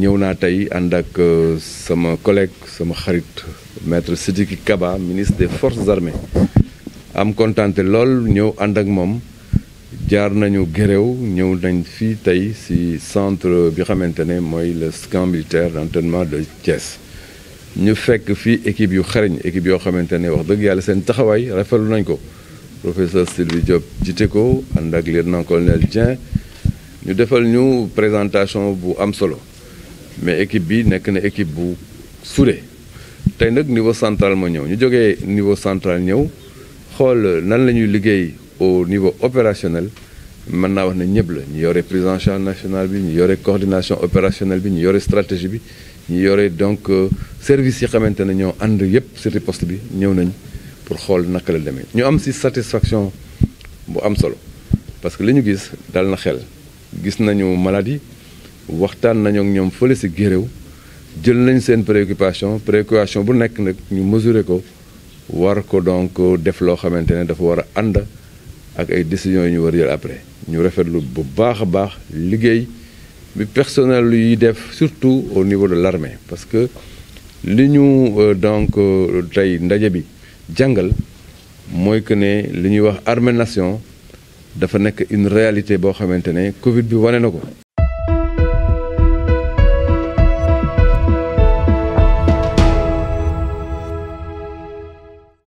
ñëw naa tey ànd ak euh, sama collègue sama xarit maître Sidiki Kaba ministre des forces armées am contenté lool ñëw ànd ak moom jaar nañu géréw ñëw nañ fii tey ci centre bi xamante ne mooy le camp militaire d'entraînement de Thiès ñu fekk fii équipe yu xarañ équipe yoo xamante ne wax dëgg yàlla seen taxawaay rafetlu nañ ko professeur Sylvie Diop jiite ko ànd ak lieutenant colonel Jean. ñu defal ñu présentation bu am solo mais équipe bi nek na équipe bu soudée tay nak niveau central ma ñëw ñu joggé niveau central ñëw xol nan la ñuy liggéey au niveau opérationnel mën naa wax na ñëpp la ñu yoré prise en nationale bi ñu yoré coordination opérationnelle bi ñu yoré stratégie bi ñu yoré donc euh, service yi xamantene ñoo ànd yépp ci poste bi ñëw nañ pour xol naka la demee ñu am ci satisfaction bu am solo parce que li gis dal na xel gis nañu maladie waxtaan nañu ak ñoom fële si géréw jël nañ seen préoccupation préoccupation bu nekk nag ñu mesurer ko war ko donc def loo xamante ne dafa war a ànd ak ay décisions yu ñu war a jël après ñu rafetlu bu baax a baax liggéey bi personnel yuy def surtout au niveau de l'armée parce que li ñu euh, donc euh, tey ndaje bi jàngal mooy que ne li ñuy wax armée nation dafa nekk une réalité boo xamante ne Covid bi wane na ko